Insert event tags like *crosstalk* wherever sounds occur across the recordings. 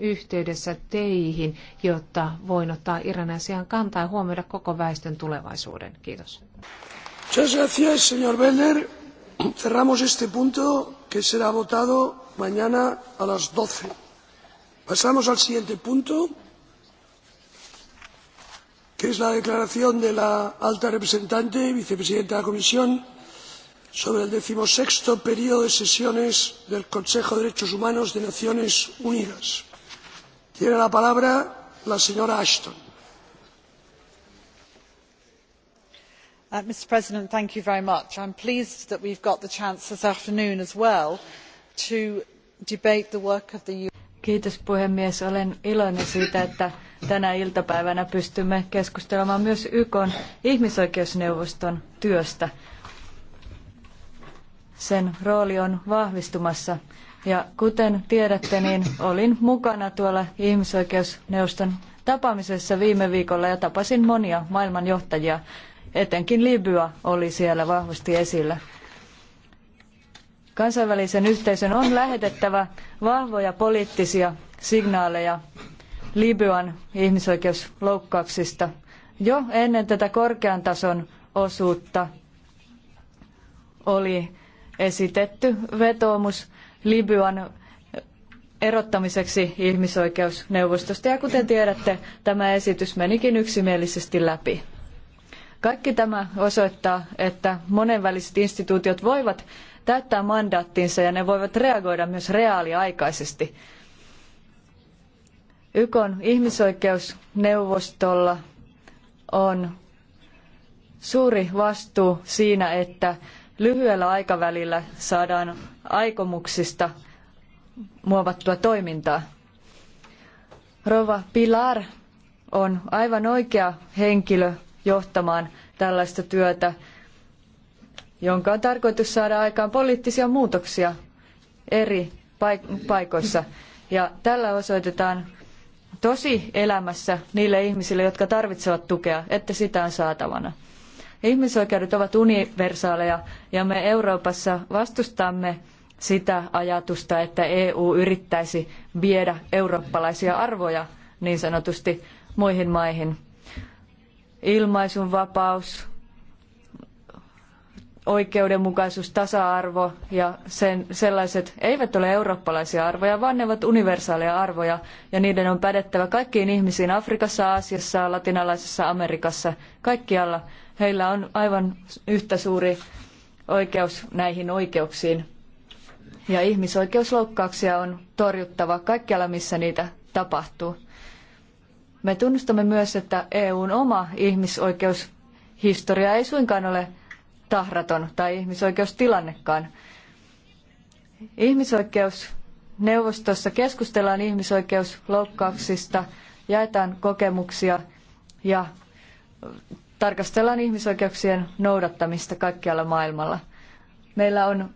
yhteydessä teihin, jotta voin ottaa Iranin asiaan kantaa ja huomioida koko väestön tulevaisuuden. Kiitos. Gracias, señor Belder. Cerramos este punto que será votado mañana a las 12. Pasamos al siguiente punto que es la declaración de la alta representante y vicepresidenta de la comisión sobre el decimosexto período de sesiones del consejo de derechos humanos de naciones unidas tiene la palabra la señora ashton. Uh, mr president thank you very much. i am pleased that we have got the chance this afternoon as well to debate the work of the. Kiitos puhemies. Olen iloinen siitä, että tänä iltapäivänä pystymme keskustelemaan myös YKn ihmisoikeusneuvoston työstä. Sen rooli on vahvistumassa ja kuten tiedätte, niin olin mukana tuolla ihmisoikeusneuvoston tapaamisessa viime viikolla ja tapasin monia maailmanjohtajia. Etenkin Libya oli siellä vahvasti esillä. Kansainvälisen yhteisön on lähetettävä vahvoja poliittisia signaaleja Libyan ihmisoikeusloukkauksista jo ennen tätä korkean tason osuutta oli esitetty vetoomus Libyan erottamiseksi ihmisoikeusneuvostosta ja kuten tiedätte, tämä esitys menikin yksimielisesti läpi. Kaikki tämä osoittaa, että monenväliset instituutiot voivat täyttää mandaattinsa ja ne voivat reagoida myös reaaliaikaisesti. YKn ihmisoikeusneuvostolla on suuri vastuu siinä, että lyhyellä aikavälillä saadaan aikomuksista muovattua toimintaa. Rova Pilar on aivan oikea henkilö johtamaan tällaista työtä, jonka on tarkoitus saada aikaan poliittisia muutoksia eri paikoissa. Ja tällä osoitetaan tosi elämässä niille ihmisille, jotka tarvitsevat tukea, että sitä on saatavana. Ihmisoikeudet ovat universaaleja ja me Euroopassa vastustamme sitä ajatusta, että EU yrittäisi viedä eurooppalaisia arvoja niin sanotusti muihin maihin. Ilmaisunvapaus, oikeudenmukaisuus, tasa-arvo ja sen, sellaiset eivät ole eurooppalaisia arvoja, vaan ne ovat universaaleja arvoja ja niiden on pädettävä kaikkiin ihmisiin Afrikassa, Aasiassa, Latinalaisessa Amerikassa, kaikkialla – heillä on aivan yhtä suuri oikeus näihin oikeuksiin. Ja ihmisoikeusloukkauksia on torjuttava kaikkialla, missä niitä tapahtuu. Me tunnustamme myös, että EUn oma ihmisoikeushistoria ei suinkaan ole tahraton tai ihmisoikeustilannekaan. Ihmisoikeusneuvostossa keskustellaan ihmisoikeusloukkauksista, jaetaan kokemuksia ja tarkastellaan ihmisoikeuksien noudattamista kaikkialla maailmalla. Meillä on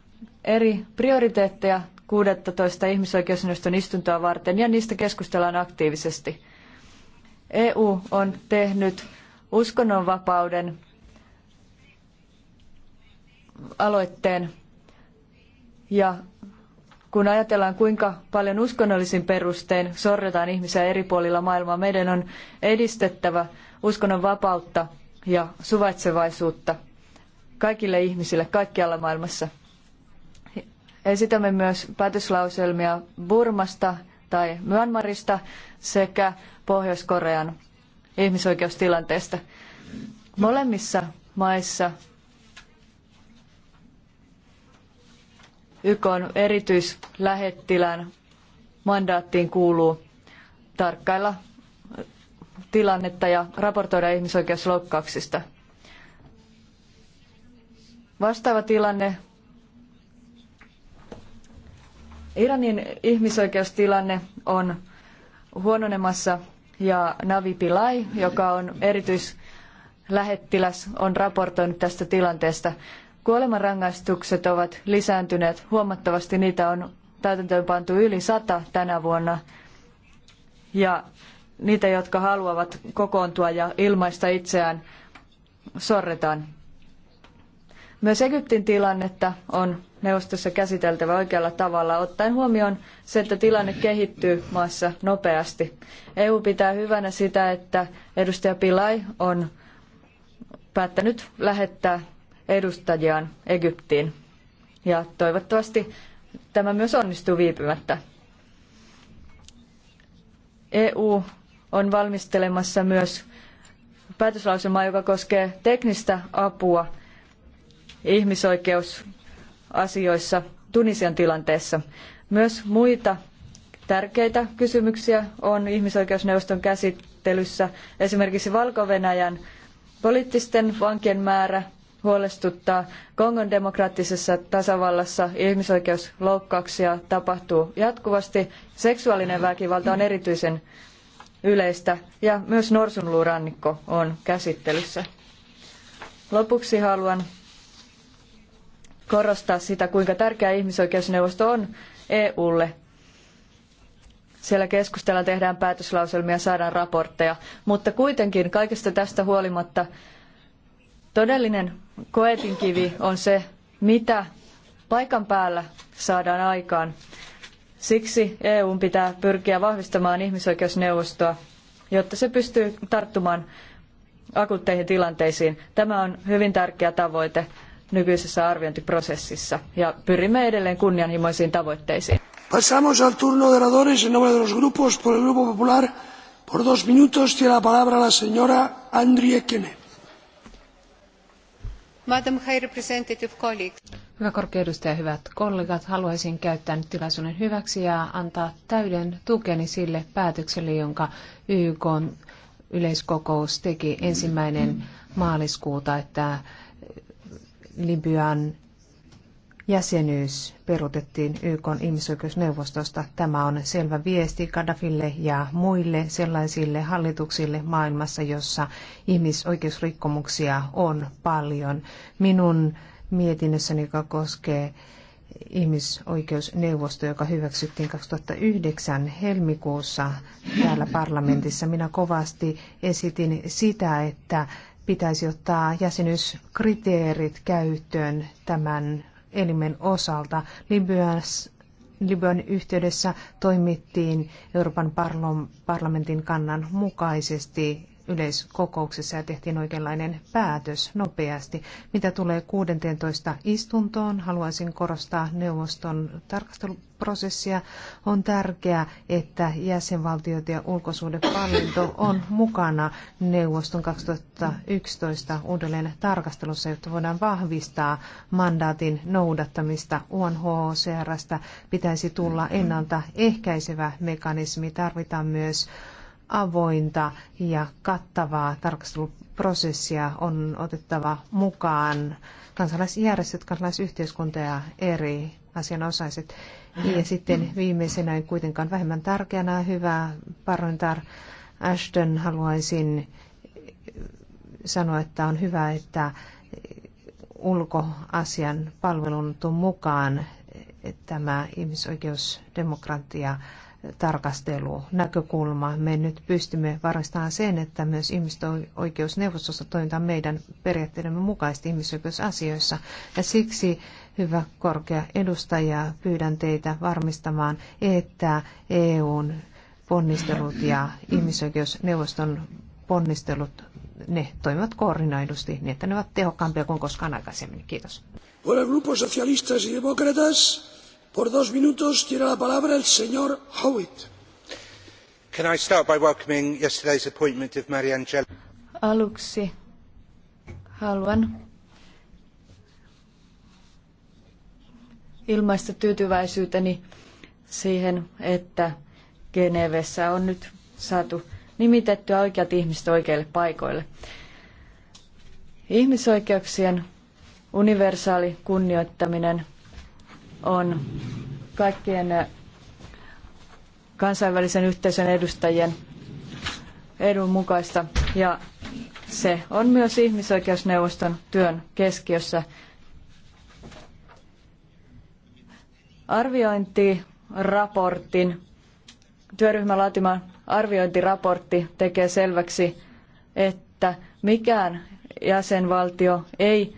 eri prioriteetteja 16 ihmisoikeusneuvoston istuntoa varten ja niistä keskustellaan aktiivisesti. EU on tehnyt uskonnonvapauden aloitteen ja kun ajatellaan, kuinka paljon uskonnollisin perustein sorretaan ihmisiä eri puolilla maailmaa, meidän on edistettävä uskonnonvapautta ja suvaitsevaisuutta kaikille ihmisille kaikkialla maailmassa. Esitämme myös päätöslauselmia Burmasta tai Myanmarista sekä Pohjois-Korean ihmisoikeustilanteesta. Molemmissa maissa YK on erityislähettilään mandaattiin kuuluu tarkkailla tilannetta ja raportoida ihmisoikeusloukkauksista. Vastaava tilanne, Iranin ihmisoikeustilanne on huononemassa ja Navi Pillai, joka on erityislähettiläs, on raportoinut tästä tilanteesta. Kuolemanrangaistukset ovat lisääntyneet huomattavasti, niitä on täytäntöön pantu yli sata tänä vuonna. Ja niitä, jotka haluavat kokoontua ja ilmaista itseään, sorretaan. Myös Egyptin tilannetta on neuvostossa käsiteltävä oikealla tavalla, ottaen huomioon se, että tilanne kehittyy maassa nopeasti. EU pitää hyvänä sitä, että edustaja Pilai on päättänyt lähettää edustajiaan Egyptiin. Ja toivottavasti tämä myös onnistuu viipymättä. EU on valmistelemassa myös päätöslauselmaa, joka koskee teknistä apua ihmisoikeusasioissa Tunisian tilanteessa. Myös muita tärkeitä kysymyksiä on ihmisoikeusneuvoston käsittelyssä. Esimerkiksi Valko-Venäjän poliittisten vankien määrä huolestuttaa. Kongon demokraattisessa tasavallassa ihmisoikeusloukkauksia tapahtuu jatkuvasti. Seksuaalinen väkivalta on erityisen yleistä ja myös norsunluurannikko on käsittelyssä. Lopuksi haluan korostaa sitä, kuinka tärkeä ihmisoikeusneuvosto on EUlle. Siellä keskustellaan, tehdään päätöslauselmia, saadaan raportteja, mutta kuitenkin kaikesta tästä huolimatta todellinen koetinkivi on se, mitä paikan päällä saadaan aikaan. Siksi EUn pitää pyrkiä vahvistamaan ihmisoikeusneuvostoa, jotta se pystyy tarttumaan akuutteihin tilanteisiin. Tämä on hyvin tärkeä tavoite nykyisessä arviointiprosessissa ja pyrimme edelleen kunnianhimoisiin tavoitteisiin. Pasamos al turno de oradores en nombre de los grupos por el Grupo Popular. Por dos minutos tiene la palabra la señora Andriekene. Madam High Representative Colleagues. Hyvä korkeudustaja, hyvät kollegat, haluaisin käyttää nyt tilaisuuden hyväksi ja antaa täyden tukeni sille päätökselle, jonka YK yleiskokous teki ensimmäinen maaliskuuta, että Libyan jäsenyys perutettiin YK ihmisoikeusneuvostosta. Tämä on selvä viesti Gaddafille ja muille sellaisille hallituksille maailmassa, jossa ihmisoikeusrikkomuksia on paljon. Minun mietinnössäni, joka koskee ihmisoikeusneuvosto, joka hyväksyttiin 2009 helmikuussa täällä parlamentissa. Minä kovasti esitin sitä, että pitäisi ottaa jäsenyyskriteerit käyttöön tämän elimen osalta. Libyas, Libyan yhteydessä toimittiin Euroopan parlamentin kannan mukaisesti yleiskokouksessa ja tehtiin oikeanlainen päätös nopeasti. Mitä tulee 16 istuntoon, haluaisin korostaa neuvoston tarkasteluprosessia. On tärkeää, että jäsenvaltiot ja ulkosuhdepallinto on mukana neuvoston 2011 uudelleen tarkastelussa, jotta voidaan vahvistaa mandaatin noudattamista. UNHCRstä pitäisi tulla ennalta ehkäisevä mekanismi. Tarvitaan myös avointa ja kattavaa tarkasteluprosessia on otettava mukaan kansalaisjärjestöt, kansalaisyhteiskunta ja eri asianosaiset. Ja sitten viimeisenä en kuitenkaan vähemmän tärkeänä hyvä parlamentar Ashton haluaisin sanoa, että on hyvä, että ulkoasian palvelun mukaan tämä ihmisoikeusdemokratia tarkastelunäkökulma. Me nyt pystymme varmistamaan sen, että myös ihmisoikeusneuvostossa toimitaan meidän periaatteidemme mukaisesti ihmisoikeusasioissa. Ja siksi, hyvä korkea edustaja, pyydän teitä varmistamaan, että EUn ponnistelut ja ihmisoikeusneuvoston ponnistelut, ne toimivat koordinoidusti niin, että ne ovat tehokkaampia kuin koskaan aikaisemmin. Kiitos. grupo socialistas Can I start by welcoming yesterday's appointment of Mariangela? Aluksi haluan ilmaista tyytyväisyyteni siihen, että Genevessä on nyt saatu nimitettyä oikeat ihmiset oikeille paikoille. Ihmisoikeuksien universaali kunnioittaminen on kaikkien kansainvälisen yhteisön edustajien edun mukaista ja se on myös ihmisoikeusneuvoston työn keskiössä. Arviointiraportin, työryhmän laatima arviointiraportti tekee selväksi, että mikään jäsenvaltio ei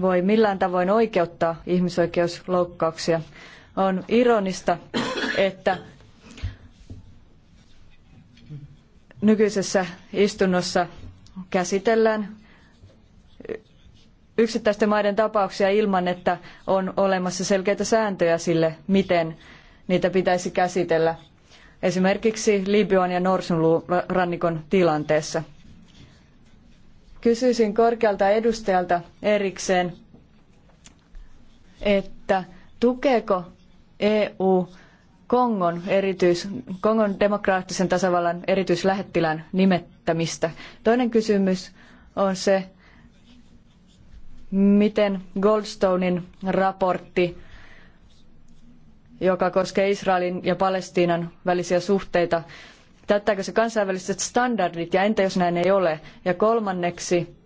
voi millään tavoin oikeuttaa ihmisoikeusloukkauksia. On ironista, että nykyisessä istunnossa käsitellään yksittäisten maiden tapauksia ilman, että on olemassa selkeitä sääntöjä sille, miten niitä pitäisi käsitellä. Esimerkiksi Libyan ja Norsunluurannikon tilanteessa. Kysyisin korkealta edustajalta erikseen, että tukeeko EU Kongon, erityis, Kongon demokraattisen tasavallan erityislähettilän nimettämistä. Toinen kysymys on se, miten Goldstonein raportti, joka koskee Israelin ja Palestiinan välisiä suhteita, Täyttääkö se kansainväliset standardit ja entä jos näin ei ole? Ja kolmanneksi,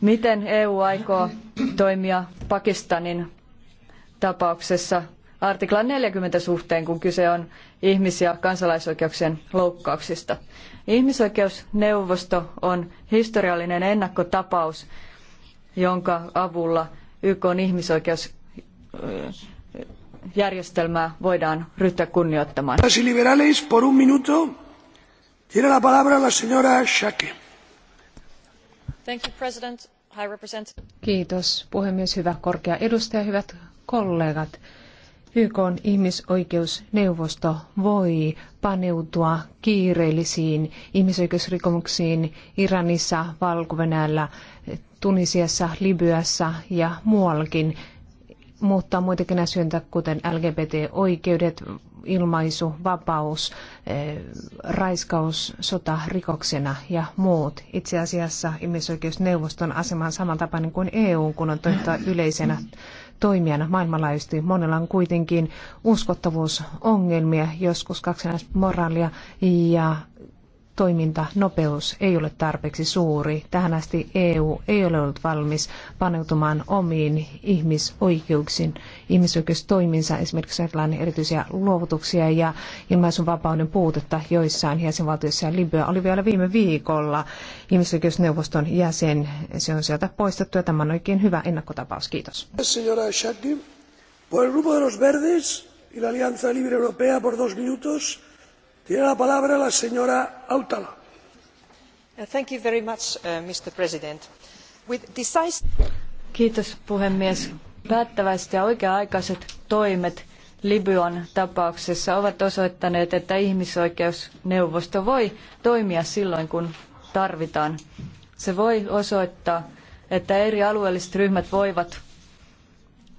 miten EU aikoo toimia Pakistanin tapauksessa artiklan 40 suhteen, kun kyse on ihmis- ja kansalaisoikeuksien loukkauksista. Ihmisoikeusneuvosto on historiallinen ennakkotapaus, jonka avulla YK on ihmisoikeus järjestelmää voidaan ryhtyä kunnioittamaan. por un minuto. Tiene la palabra la señora Schake. Thank you, President. High representative. Kiitos puhemies, hyvä korkea edustaja, hyvät kollegat. YK on ihmisoikeusneuvosto voi paneutua kiireellisiin ihmisoikeusrikomuksiin Iranissa, valko Tunisiassa, Libyassa ja muuallakin mutta muitakin asioita, kuten LGBT-oikeudet, ilmaisu, vapaus, eh, raiskaus, sota rikoksena ja muut. Itse asiassa ihmisoikeusneuvoston asema on samantapainen kuin EU, kun on toimittava yleisenä toimijana maailmanlaajuisesti. Monella on kuitenkin uskottavuusongelmia, joskus kaksinaismoraalia ja toimintanopeus ei ole tarpeeksi suuri. Tähän asti EU ei ole ollut valmis paneutumaan omiin ihmisoikeuksiin, ihmisoikeustoiminsa, esimerkiksi ajatellaan erityisiä luovutuksia ja ilmaisun vapauden puutetta joissain jäsenvaltioissa ja Libya oli vielä viime viikolla ihmisoikeusneuvoston jäsen. Se on sieltä poistettu ja tämä on oikein hyvä ennakkotapaus. Kiitos. Por el Grupo de los Verdes y la Alianza Libre Europea por dos minutos. Uh, uh, Kiitos puhemies. Päättäväiset ja oikea-aikaiset toimet Libyan tapauksessa ovat osoittaneet, että ihmisoikeusneuvosto voi toimia silloin, kun tarvitaan. Se voi osoittaa, että eri alueelliset ryhmät voivat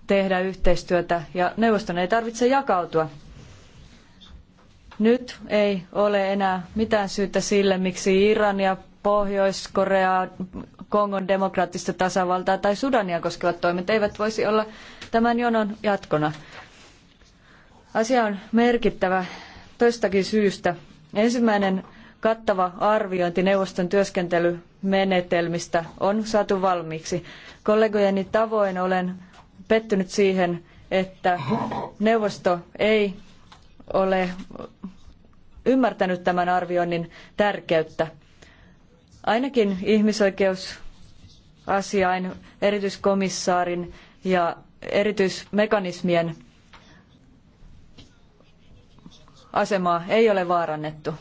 tehdä yhteistyötä ja neuvoston ei tarvitse jakautua. Nyt ei ole enää mitään syytä sille, miksi Irania, Pohjois-Koreaa, Kongon demokraattista tasavaltaa tai Sudania koskevat toimet eivät voisi olla tämän jonon jatkona. Asia on merkittävä toistakin syystä. Ensimmäinen kattava arviointi neuvoston työskentelymenetelmistä on saatu valmiiksi. Kollegojeni tavoin olen pettynyt siihen, että neuvosto ei ole ymmärtänyt tämän arvioinnin tärkeyttä. Ainakin ihmisoikeusasiain, erityiskomissaarin ja erityismekanismien asemaa ei ole vaarannettu.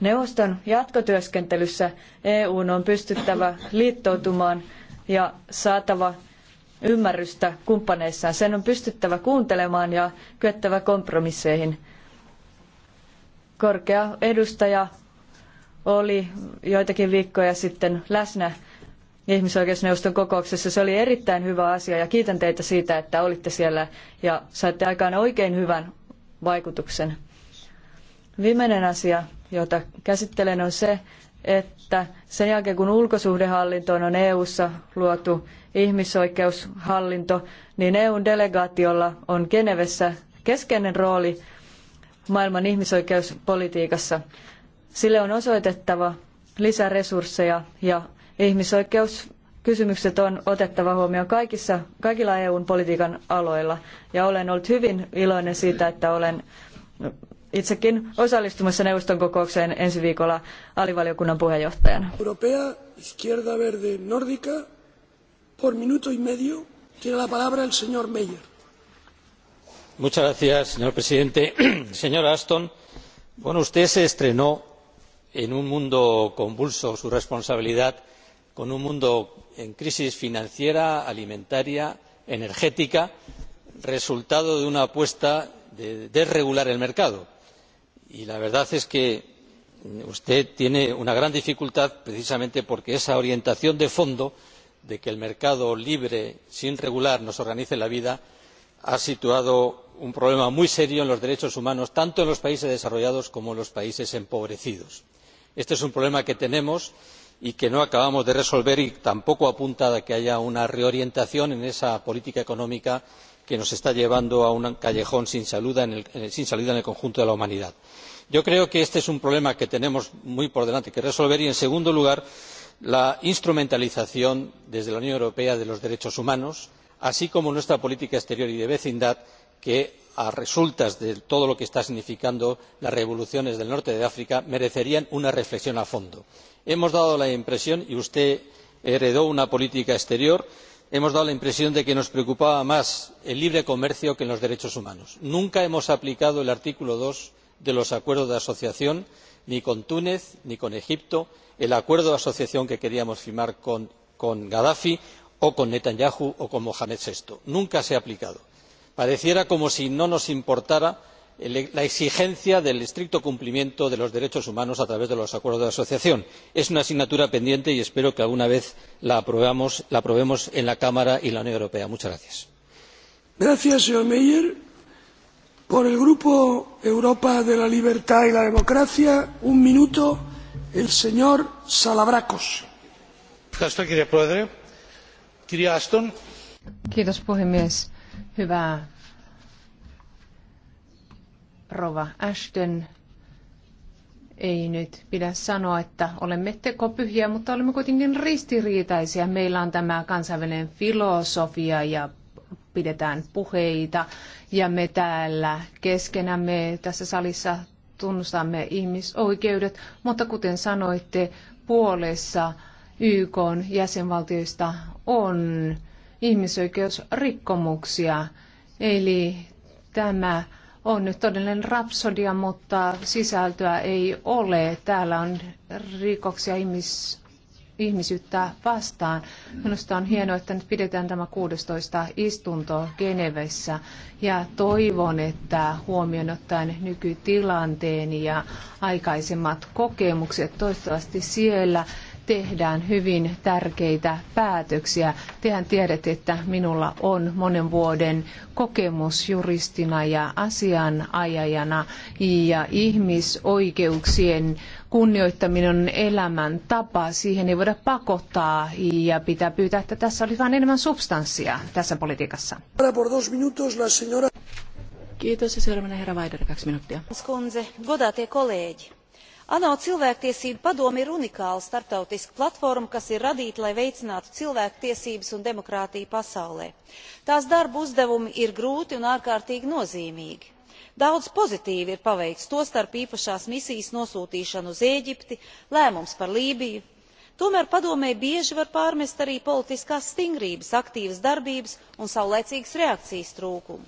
Neuvoston jatkotyöskentelyssä EU on pystyttävä liittoutumaan ja saatava ymmärrystä kumppaneissaan. Sen on pystyttävä kuuntelemaan ja kyettävä kompromisseihin. Korkea edustaja oli joitakin viikkoja sitten läsnä ihmisoikeusneuvoston kokouksessa. Se oli erittäin hyvä asia ja kiitän teitä siitä, että olitte siellä ja saitte aikaan oikein hyvän vaikutuksen. Viimeinen asia, jota käsittelen, on se, että sen jälkeen kun ulkosuhdehallintoon on EU:ssa luotu ihmisoikeushallinto, niin EUn delegaatiolla on Genevessä keskeinen rooli maailman ihmisoikeuspolitiikassa. Sille on osoitettava lisäresursseja ja ihmisoikeuskysymykset on otettava huomioon kaikissa, kaikilla EUn politiikan aloilla. Ja olen ollut hyvin iloinen siitä, että olen itsekin osallistumassa neuvoston kokoukseen ensi viikolla alivaliokunnan puheenjohtajana. Europea, izquierda verde nórdica, por minuto y medio tiene la palabra el señor Meyer. Muchas gracias, señor presidente. *clears throat* Señora Ashton, bueno, usted se estrenó en un mundo convulso su responsabilidad con un mundo en crisis financiera, alimentaria, energética, resultado de una apuesta de desregular el mercado y la verdad es que usted tiene una gran dificultad precisamente porque esa orientación de fondo de que el mercado libre sin regular nos organice la vida ha situado un problema muy serio en los derechos humanos tanto en los países desarrollados como en los países empobrecidos. este es un problema que tenemos y que no acabamos de resolver y tampoco apunta a que haya una reorientación en esa política económica que que nos está llevando a un callejón eh, sin salida en el conjunto de la humanidad. yo creo que este es un problema que tenemos muy por delante que resolver y en segundo lugar la instrumentalización desde la unión europea de los derechos humanos así como nuestra política exterior y de vecindad que a resultas de todo lo que están significando las revoluciones del norte de áfrica merecerían una reflexión a fondo. hemos dado la impresión y usted heredó una política exterior que hemos dado la impresión de que nos preocupaba más el libre comercio que los derechos humanos. nunca hemos aplicado el artículo dos de los acuerdos de asociación ni con túnez ni con egipto el acuerdo de asociación que queríamos firmar con gadafi o con netanyahu o con mohamed vi nunca se ha aplicado. pareciera como si no nos importara E, la exigencia del estricto cumplimiento de los derechos humanos a través de los acuerdos de asociación. es una asignatura pendiente y espero que alguna vez la aprobemos en la cámara y en la unión europea. muchas gracias. señor meyer por el grupo europa de la libertad y la democracia un minuto el señor salavrakos. arvoisa puhemies hyvä Rova Ashton ei nyt pidä sanoa, että olemme tekopyhiä, mutta olemme kuitenkin ristiriitaisia. Meillä on tämä kansainvälinen filosofia ja pidetään puheita ja me täällä keskenämme tässä salissa tunnustamme ihmisoikeudet, mutta kuten sanoitte, puolessa YK jäsenvaltioista on ihmisoikeusrikkomuksia. Eli tämä on nyt todellinen rapsodia, mutta sisältöä ei ole. Täällä on rikoksia ihmis, ihmisyyttä vastaan. Minusta on hienoa, että nyt pidetään tämä 16 istunto Genevessä ja toivon, että huomioon ottaen nykytilanteen ja aikaisemmat kokemukset toivottavasti siellä tehdään hyvin tärkeitä päätöksiä. Tehän tiedät, että minulla on monen vuoden kokemus juristina ja asianajajana ja ihmisoikeuksien kunnioittaminen on elämän tapa. Siihen ei voida pakottaa ja pitää pyytää, että tässä olisi vain enemmän substanssia tässä politiikassa. Kiitos ja seuraavana herra Vaider, kaksi minuuttia. Skunze, godate kollegi ano cilvēktiesību padome ir unikāla starptautiska platforma kas ir radīta lai veicinātu cilvēktiesības un demokrātiju pasaulē. tās darba uzdevumi ir grūti un ārkārtīgi nozīmīgi. daudz pozitīva ir paveikts tostarp īpašās misijas nosūtīšana uz ēģipti lēmums par lībiju. tomēr padomei bieži var pārmest arī politiskās stingrības aktīvas darbības un saulaicīgas reakcijas trūkumu.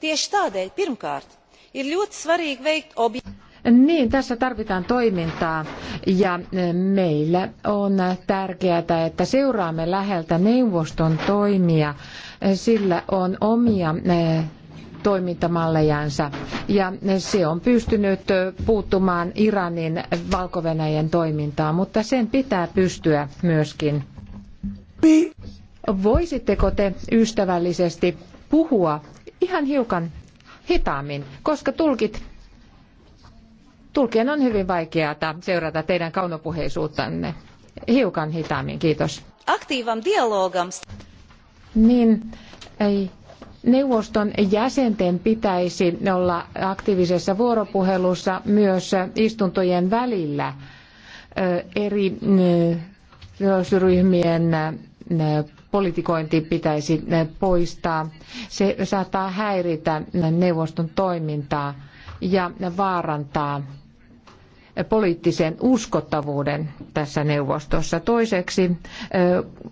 tieši tādēļ pirmkārt ir ļoti svarīgi veikt objektīvu niin, tässä tarvitaan toimintaa ja eh, meillä on tärkeää, että seuraamme läheltä neuvoston toimia. Eh, sillä on omia eh, toimintamallejansa ja se on pystynyt puuttumaan Iranin valko toimintaan, mutta sen pitää pystyä myöskin. Voisitteko te ystävällisesti puhua ihan hiukan hitaammin, koska tulkit Tulkien on hyvin vaikeaa seurata teidän kaunopuheisuuttanne. Hiukan hitaammin, kiitos. Aktiivan dialogam. Niin, ei, neuvoston jäsenten pitäisi olla aktiivisessa vuoropuhelussa myös istuntojen välillä eri sidosryhmien politikointi pitäisi poistaa. Se saattaa häiritä neuvoston toimintaa ja vaarantaa poliittisen uskottavuuden tässä neuvostossa. Toiseksi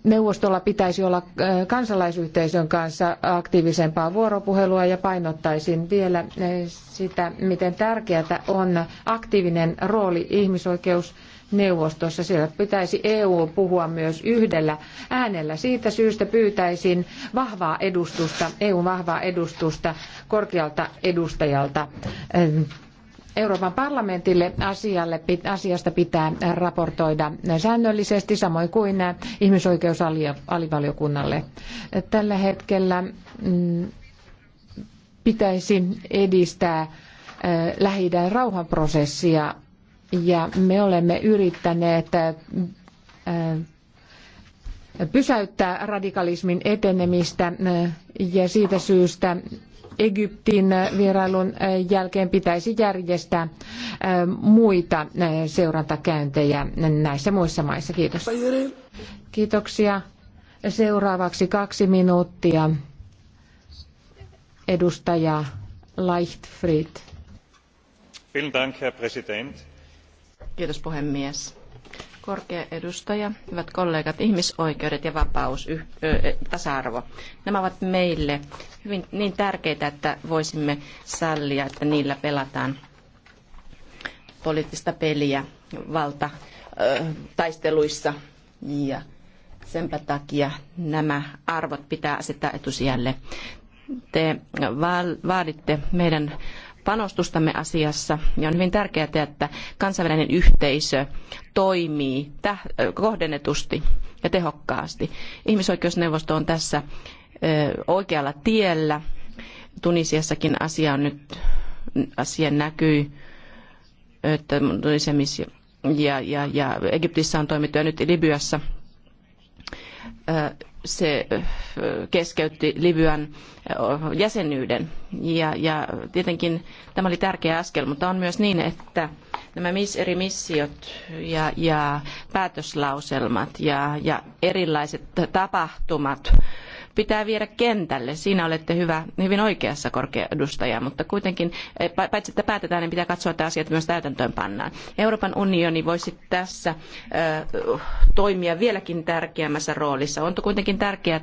neuvostolla pitäisi olla kansalaisyhteisön kanssa aktiivisempaa vuoropuhelua ja painottaisin vielä sitä, miten tärkeää on aktiivinen rooli ihmisoikeus neuvostossa. Siellä pitäisi EU puhua myös yhdellä äänellä. Siitä syystä pyytäisin vahvaa edustusta, EUn vahvaa edustusta korkealta edustajalta Euroopan parlamentille asialle, asiasta pitää raportoida säännöllisesti, samoin kuin ihmisoikeusalivaliokunnalle. Tällä hetkellä mm, pitäisi edistää äh, lähi rauhanprosessia ja me olemme yrittäneet äh, äh, pysäyttää radikalismin etenemistä ja siitä syystä Egyptin vierailun äh, jälkeen pitäisi järjestää äh, muita äh, seurantakäyntejä näissä muissa maissa. Kiitos. Kiitoksia. Seuraavaksi kaksi minuuttia. Edustaja Leichtfried. Kiitos puhemies. Korkea edustaja, hyvät kollegat, ihmisoikeudet ja vapaus, e, tasa-arvo. Nämä ovat meille hyvin niin tärkeitä, että voisimme sallia, että niillä pelataan poliittista peliä valta taisteluissa ja senpä takia nämä arvot pitää asettaa etusijalle. Te vaaditte meidän panostustamme asiassa. Ja on hyvin tärkeää, että kansainvälinen yhteisö toimii kohdennetusti ja tehokkaasti. Ihmisoikeusneuvosto on tässä oikealla tiellä. Tunisiassakin asia on nyt, asia näkyy, että Tunisiassa ja, ja, ja Egyptissä on toimittu ja nyt Libyassa se keskeytti Libyan jäsenyyden. Ja, ja tietenkin tämä oli tärkeä askel, mutta on myös niin, että nämä eri missiot ja, ja päätöslauselmat ja, ja erilaiset tapahtumat pitää viedä kentälle. Siinä olette hyvä, hyvin oikeassa korkea edustaja, mutta kuitenkin eh, paitsi että päätetään, niin pitää katsoa, että asiat myös täytäntöön pannaan. Euroopan unioni voisi tässä eh, toimia vieläkin tärkeämmässä roolissa. On kuitenkin tärkeää,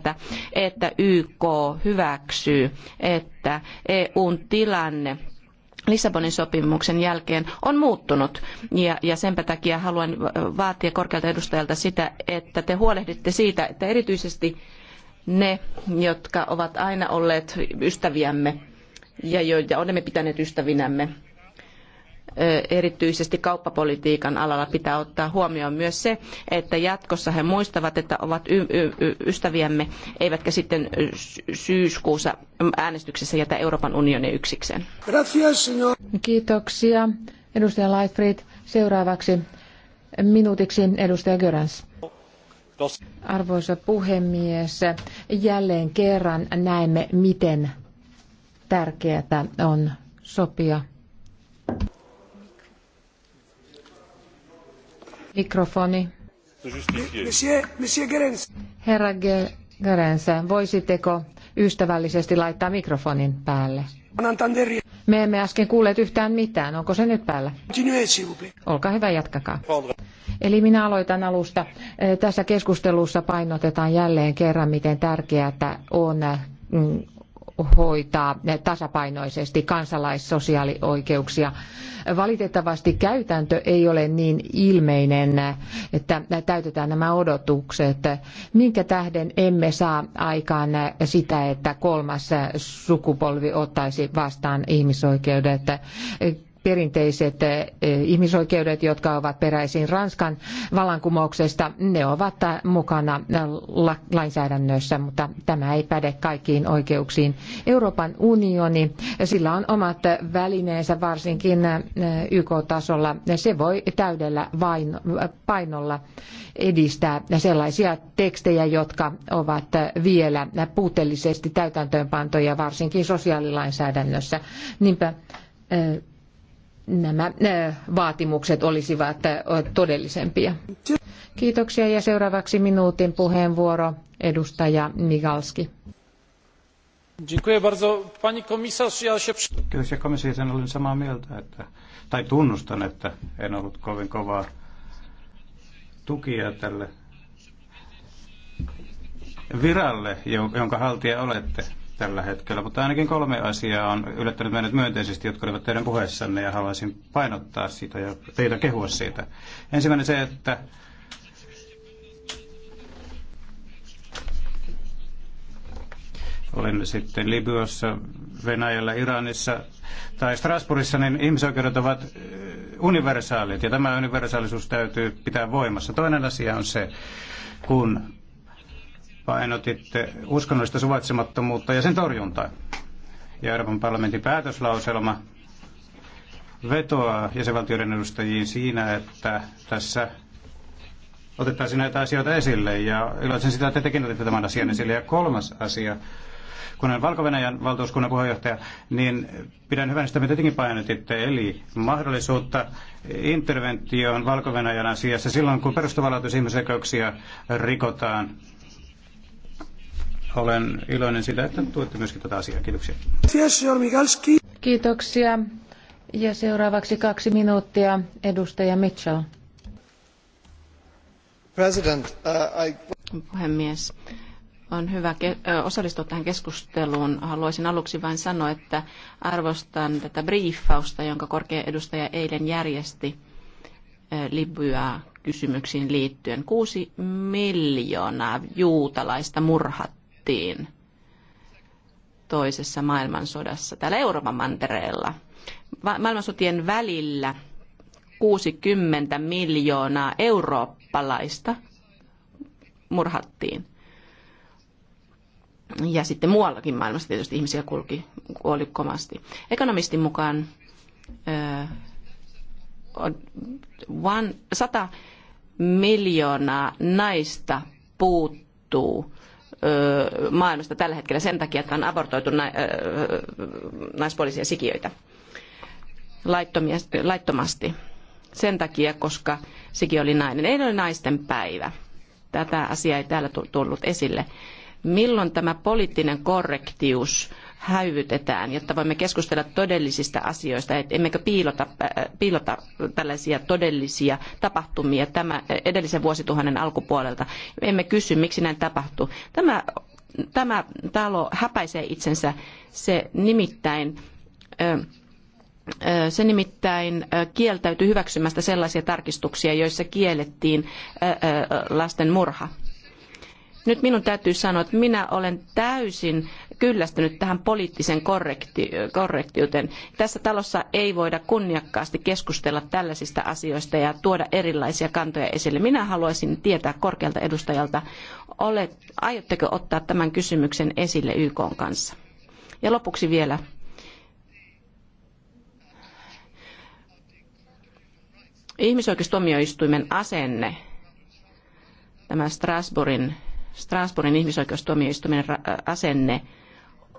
että YK hyväksyy, että EUn tilanne Lissabonin sopimuksen jälkeen on muuttunut ja, ja senpä takia haluan eh, vaatia korkealta edustajalta sitä, että te huolehditte siitä, että erityisesti ne, jotka ovat aina olleet ystäviämme ja joita olemme pitäneet ystävinämme. Erityisesti kauppapolitiikan alalla pitää ottaa huomioon myös se, että jatkossa he muistavat, että ovat ystäviämme, eivätkä sitten syyskuussa äänestyksessä jätä Euroopan unionin yksikseen. Kiitoksia, edustaja Leifrid. Seuraavaksi minuutiksi edustaja Görans. Arvoisa puhemies, jälleen kerran näemme, miten tärkeää on sopia. Mikrofoni. Herra Gerensä, voisitteko ystävällisesti laittaa mikrofonin päälle? Me emme äsken kuulleet yhtään mitään. Onko se nyt päällä? Olkaa hyvä, jatkakaa. Eli minä aloitan alusta. Eh, tässä keskustelussa painotetaan jälleen kerran, miten tärkeää on mm, hoitaa tasapainoisesti kansalaissosiaalioikeuksia. Valitettavasti käytäntö ei ole niin ilmeinen, että täytetään nämä odotukset, minkä tähden emme saa aikaan sitä, että kolmas sukupolvi ottaisi vastaan ihmisoikeudet perinteiset eh, ihmisoikeudet, jotka ovat peräisin Ranskan vallankumouksesta, ne ovat mukana eh, lainsäädännössä, mutta tämä ei päde kaikkiin oikeuksiin. Euroopan unioni, sillä on omat välineensä varsinkin eh, YK-tasolla. Se voi täydellä vain, painolla edistää sellaisia tekstejä, jotka ovat vielä puutteellisesti täytäntöönpantoja, varsinkin sosiaalilainsäädännössä. Niinpä nämä äh, vaatimukset olisivat äh, todellisempia. Kiitoksia ja seuraavaksi minuutin puheenvuoro edustaja Migalski. Pani komisarz, ja się... Kiitos olen samaa mieltä, että, tai tunnustan, että en ollut kovin kovaa tukia tälle viralle, jonka haltija olette tällä hetkellä, mutta ainakin kolme asiaa on yllättänyt meidät myönteisesti, jotka olivat teidän puheessanne ja haluaisin painottaa sitä ja teitä kehua siitä. Ensimmäinen se, että olin sitten Libyassa, Venäjällä, Iranissa tai Strasbourgissa, niin ihmisoikeudet ovat universaalit ja tämä universaalisuus täytyy pitää voimassa. Toinen asia on se, kun painotitte uskonnollista suvaitsemattomuutta ja sen torjuntaa. Ja Euroopan parlamentin päätöslauselma vetoaa jäsenvaltioiden edustajiin siinä, että tässä otettaisiin näitä asioita esille. Ja iloitsen sitä, että tekin otitte tämän asian esille. Ja kolmas asia, kun olen valko valtuuskunnan puheenjohtaja, niin pidän hyvänä sitä, mitä tekin painotitte, eli mahdollisuutta interventioon valko asiassa silloin, kun perustavanlaatuisia ihmisoikeuksia rikotaan olen iloinen siitä, että tuette myöskin tätä asiaa. Kiitoksia. Kiitoksia. Ja seuraavaksi kaksi minuuttia edustaja Mitchell. President, uh, I... Puhemies, on hyvä osallistua tähän keskusteluun. Haluaisin aluksi vain sanoa, että arvostan tätä briefausta, jonka korkea edustaja eilen järjesti Libyaa kysymyksiin liittyen. Kuusi miljoonaa juutalaista murhat kotiin toisessa maailmansodassa täällä Euroopan mantereella. Maailmansotien välillä 60 miljoonaa eurooppalaista murhattiin. Ja sitten muuallakin maailmassa tietysti ihmisiä kulki komasti Ekonomistin mukaan ö, 100 miljoonaa naista puuttuu maailmasta tällä hetkellä sen takia, että on abortoitu naispuolisia sikiöitä laittomasti. Sen takia, koska sikiö oli nainen. Ei ole naisten päivä. Tätä asiaa ei täällä tullut esille. Milloin tämä poliittinen korrektius häivytetään, jotta voimme keskustella todellisista asioista, et emmekö piilota, äh, piilota tällaisia todellisia tapahtumia tämä, äh, edellisen vuosituhannen alkupuolelta. Emme kysy, miksi näin tapahtuu. Tämä, tämä talo häpäisee itsensä, se nimittäin... Äh, se nimittäin kieltäytyi hyväksymästä sellaisia tarkistuksia, joissa kiellettiin lasten murha. Nyt minun täytyy sanoa, että minä olen täysin kyllästynyt tähän poliittisen korrekti, korrektiuteen. Tässä talossa ei voida kunniakkaasti keskustella tällaisista asioista ja tuoda erilaisia kantoja esille. Minä haluaisin tietää korkealta edustajalta, olet, aiotteko ottaa tämän kysymyksen esille YK kanssa? Ja lopuksi vielä ihmisoikeustuomioistuimen asenne, tämä Strasbourgin Strasbourgin ihmisoikeustuomioistuimen asenne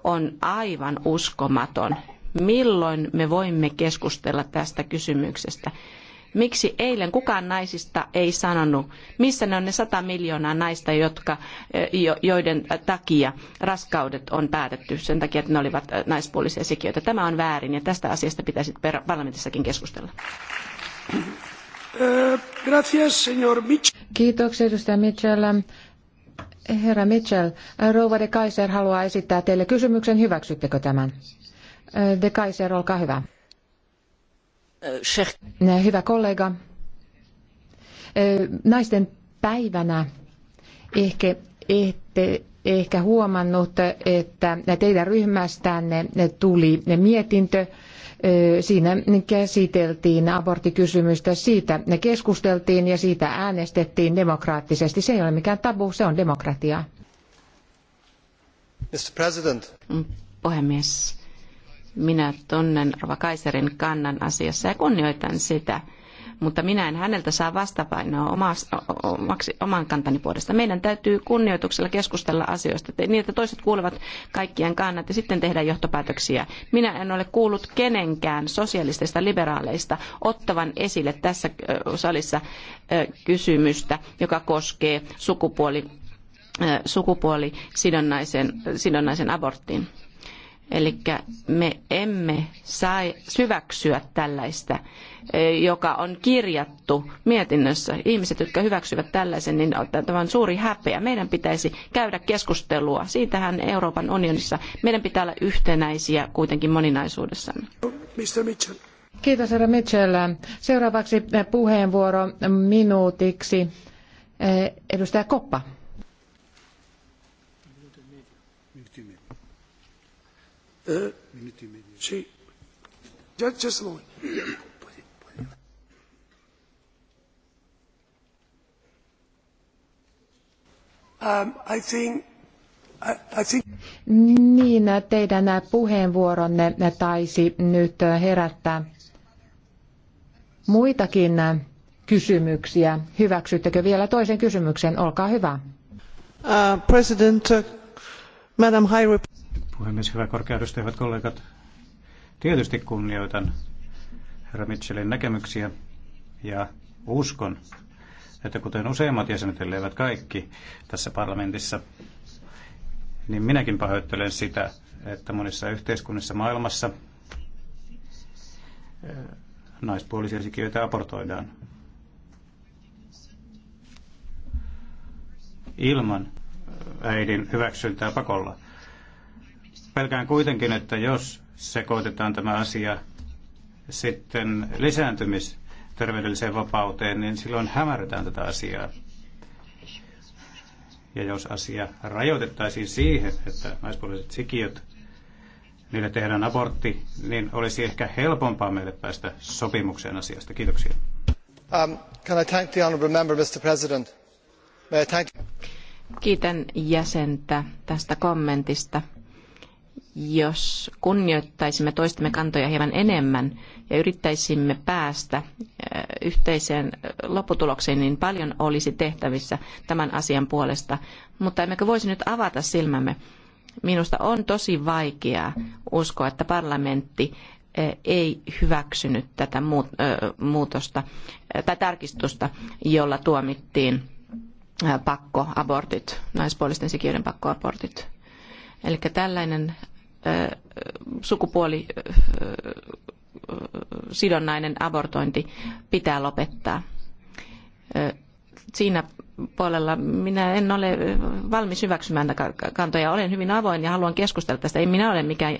on aivan uskomaton. Milloin me voimme keskustella tästä kysymyksestä? Miksi eilen kukaan naisista ei sanonut, missä ne on ne sata miljoonaa naista, jotka, joiden takia raskaudet on päätetty sen takia, että ne olivat naispuolisia sikiöitä. Tämä on väärin ja tästä asiasta pitäisi parlamentissakin keskustella. Kiitoksia edustaja Mitchell. Herra Mitchell, rouva de Kaiser haluaa esittää teille kysymyksen. Hyväksyttekö tämän? De Kaiser, olkaa hyvä. Hyvä kollega, naisten päivänä ehkä ette ehkä huomannut, että teidän ryhmästänne tuli mietintö, Siinä käsiteltiin aborttikysymystä, siitä ne keskusteltiin ja siitä äänestettiin demokraattisesti. Se ei ole mikään tabu, se on demokratiaa. Mr. President. Puhemies, minä tunnen Rova Kaiserin kannan asiassa ja kunnioitan sitä mutta minä en häneltä saa vastapainoa omaksi, oman kantani puolesta. Meidän täytyy kunnioituksella keskustella asioista niin, että toiset kuulevat kaikkien kannat ja sitten tehdään johtopäätöksiä. Minä en ole kuullut kenenkään sosialisteista liberaaleista ottavan esille tässä salissa kysymystä, joka koskee sukupuoli, sukupuolisidonnaisen sidonnaisen aborttiin Eli me emme saa hyväksyä tällaista, e, joka on kirjattu mietinnössä. Ihmiset, jotka hyväksyvät tällaisen, niin tämä on suuri häpeä. Meidän pitäisi käydä keskustelua. Siitähän Euroopan unionissa meidän pitää olla yhtenäisiä kuitenkin moninaisuudessamme. Mr. Mitchell. Kiitos, herra Mitchell. Seuraavaksi puheenvuoro minuutiksi. E, edustaja Koppa. Niin, teidän puheenvuoronne taisi nyt herättää muitakin kysymyksiä. Hyväksyttekö vielä toisen kysymyksen? Olkaa hyvä. Uh, President, uh, Madam High Puhemies, hyvä korkeudusta, hyvät kollegat. Tietysti kunnioitan herra Mitchellin näkemyksiä ja uskon, että kuten useimmat jäsenet, eivät kaikki tässä parlamentissa, niin minäkin pahoittelen sitä, että monissa yhteiskunnissa maailmassa eh, naispuolisia sikiöitä aportoidaan ilman eh, äidin hyväksyntää pakolla. Pelkään kuitenkin, että jos sekoitetaan tämä asia sitten lisääntymisterveydelliseen vapauteen, niin silloin hämärretään tätä asiaa. Ja jos asia rajoitettaisiin siihen, että naispuoliset sikiöt, niille tehdään abortti, niin olisi ehkä helpompaa meille päästä sopimukseen asiasta. Kiitoksia. Um, can I thank the honourable member, Mr. President? May I thank... Kiitän jäsentä tästä kommentista jos kunnioittaisimme toistemme kantoja hieman enemmän ja yrittäisimme päästä äh, yhteiseen äh, lopputulokseen, niin paljon olisi tehtävissä tämän asian puolesta. Mutta emmekö voisi nyt avata silmämme? Minusta on tosi vaikeaa uskoa, että parlamentti äh, ei hyväksynyt tätä muutosta tai tarkistusta, jolla tuomittiin pakkoabortit, naispuolisten sikiöiden pakkoabortit. Eli tällainen sukupuolisidonnainen abortointi pitää lopettaa siinä puolella minä en ole valmis hyväksymään kantoja. Olen hyvin avoin ja haluan keskustella tästä. En minä ole mikään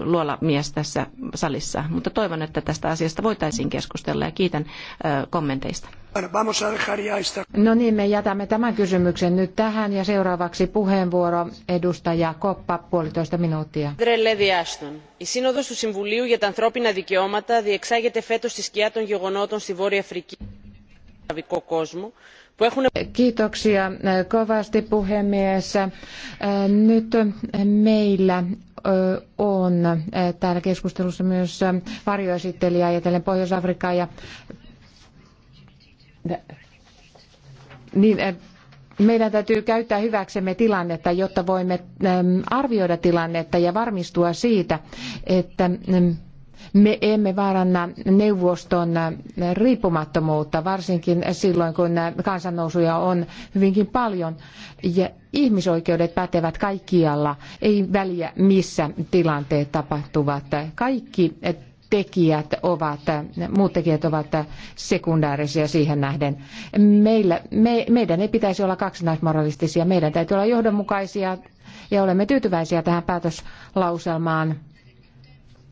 luolamies mies tässä salissa, mutta toivon, että tästä asiasta voitaisiin keskustella ja kiitän kommenteista. No niin, me jätämme tämän kysymyksen nyt tähän ja seuraavaksi puheenvuoro edustaja Koppa, puolitoista minuuttia. Η σύνοδο του Συμβουλίου για τα Ανθρώπινα Δικαιώματα διεξάγεται φέτο στη σκιά των γεγονότων στη Βόρεια Αφρική. Kiitoksia kovasti puhemies. Nyt meillä on täällä keskustelussa myös varjoesittelijä ajatellen Pohjois-Afrikkaa ja niin, äh, meidän täytyy käyttää hyväksemme tilannetta, jotta voimme arvioida tilannetta ja varmistua siitä, että me emme vaaranna neuvoston riippumattomuutta, varsinkin silloin, kun kansannousuja on hyvinkin paljon. Ja ihmisoikeudet pätevät kaikkialla, ei väliä missä tilanteet tapahtuvat. Kaikki tekijät ovat, muut tekijät ovat sekundaarisia siihen nähden. Meillä, me, meidän ei pitäisi olla kaksinaismoralistisia, meidän täytyy olla johdonmukaisia ja olemme tyytyväisiä tähän päätöslauselmaan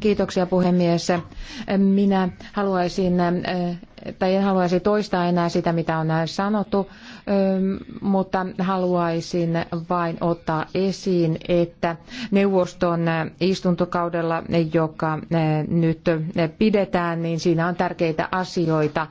Kiitoksia puhemies. Minä haluaisin, tai en haluaisi toistaa enää sitä, mitä on sanottu, mutta haluaisin vain ottaa esiin, että neuvoston istuntokaudella, joka nyt pidetään, niin siinä on tärkeitä asioita.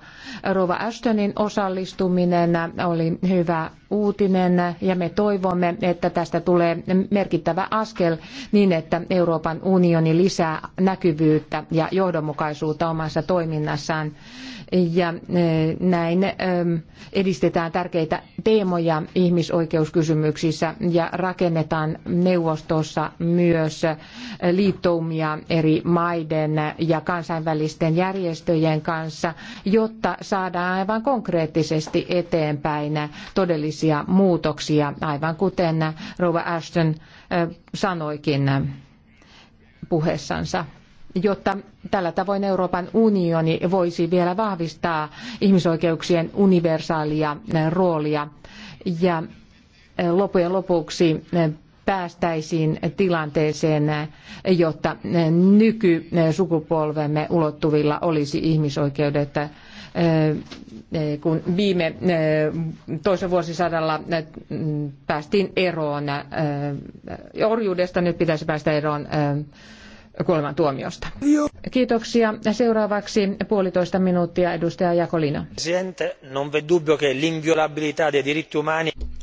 Rova Ashtonin osallistuminen oli hyvä uutinen ja me toivomme, että tästä tulee merkittävä askel niin, että Euroopan unioni lisää näkyvyyttä ja johdonmukaisuutta omassa toiminnassaan ja eh, näin eh, edistetään tärkeitä teemoja ihmisoikeuskysymyksissä ja rakennetaan neuvostossa myös eh, liittoumia eri maiden ja kansainvälisten järjestöjen kanssa, jotta saadaan aivan konkreettisesti eteenpäin todellisia muutoksia, aivan kuten Rova Ashton sanoikin puheessansa jotta tällä tavoin Euroopan unioni voisi vielä vahvistaa ihmisoikeuksien universaalia roolia ja eh, loppujen lopuksi eh, päästäisiin tilanteeseen, eh, jotta nykysukupolvemme ulottuvilla olisi ihmisoikeudet kun viime toisen vuosisadalla päästiin eroon orjuudesta, nyt pitäisi päästä eroon kuolemantuomiosta. Kiitoksia. Seuraavaksi puolitoista minuuttia edustaja Jakolino.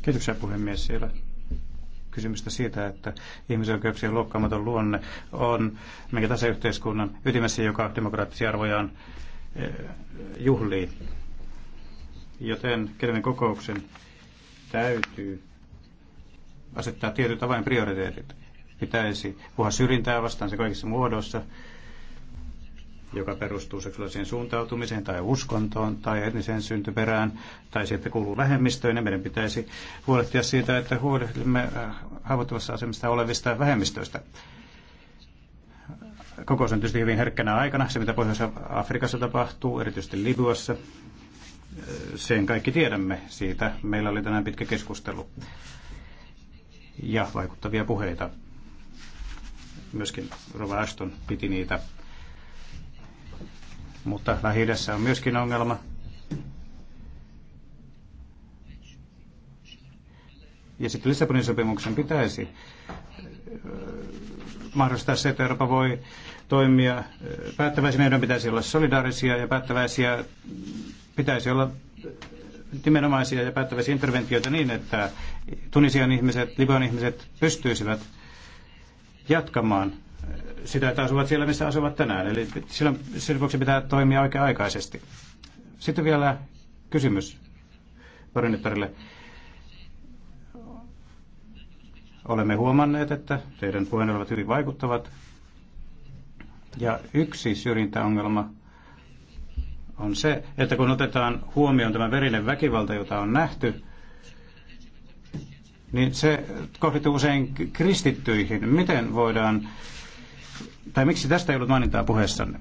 Kiitoksia puhemies. Ei ole kysymystä siitä, että ihmisoikeuksien loukkaamaton luonne on minkä tässä yhteiskunnan ytimessä, joka demokraattisia arvojaan eh, juhlii. Joten Geneven kokouksen täytyy asettaa tietyt avainprioriteetit Pitäisi puhua syrjintää vastaan se kaikissa muodoissa, joka perustuu seksuaaliseen suuntautumiseen tai uskontoon tai etniseen syntyperään tai että kuuluu vähemmistöön. Ja niin meidän pitäisi huolehtia siitä, että huolehdimme äh, haavoittuvassa asemassa olevista vähemmistöistä kokous on tietysti hyvin herkkänä aikana, se mitä Pohjois-Afrikassa tapahtuu, erityisesti Libyassa. Äh, sen kaikki tiedämme siitä. Meillä oli tänään pitkä keskustelu ja vaikuttavia puheita. Myöskin Rova Ashton piti niitä. Mutta lähi on myöskin ongelma. Ja sitten Lissabonin sopimuksen pitäisi mahdollistaa se, että Eurooppa voi toimia päättäväisiä. Meidän pitäisi olla solidaarisia ja päättäväisiä. Pitäisi olla nimenomaisia ja päättäväisiä interventioita niin, että Tunisian ihmiset, Libyan ihmiset pystyisivät jatkamaan sitä, että asuvat siellä, missä asuvat tänään. Eli silloin, sen vuoksi pitää toimia oikea-aikaisesti. Sitten vielä kysymys parinittarille. Olemme huomanneet, että teidän puheenne ovat hyvin vaikuttavat. Ja yksi syrjintäongelma on se, että kun otetaan huomioon tämä verinen väkivalta, jota on nähty, niin se kohdittuu usein kristittyihin. Miten voidaan tai miksi tästä ei ollut mainintaa puheessanne?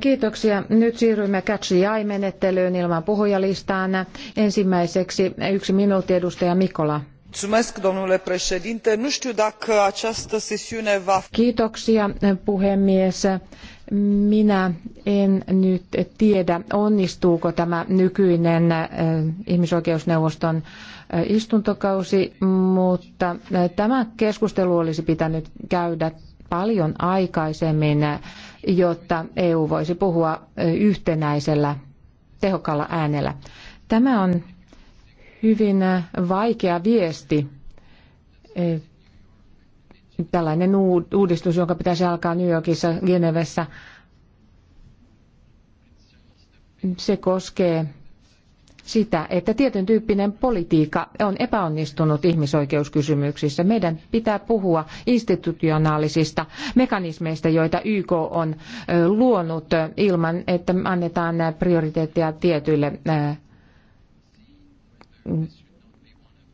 Kiitoksia. Nyt siirrymme kaksi menettelyyn ilman puhujalistaan. Ensimmäiseksi yksi minuutti edustaja Mikola. Kiitoksia puhemies. Minä en nyt tiedä, onnistuuko tämä nykyinen äh, ihmisoikeusneuvoston äh, istuntokausi, mutta äh, tämä keskustelu olisi pitänyt käydä paljon aikaisemmin, jotta EU voisi puhua yhtenäisellä tehokkaalla äänellä. Tämä on hyvin vaikea viesti tällainen uudistus, jonka pitäisi alkaa New Yorkissa, Genevessä, se koskee sitä, että tietyn tyyppinen politiikka on epäonnistunut ihmisoikeuskysymyksissä. Meidän pitää puhua institutionaalisista mekanismeista, joita YK on luonut ilman, että annetaan prioriteettia tietyille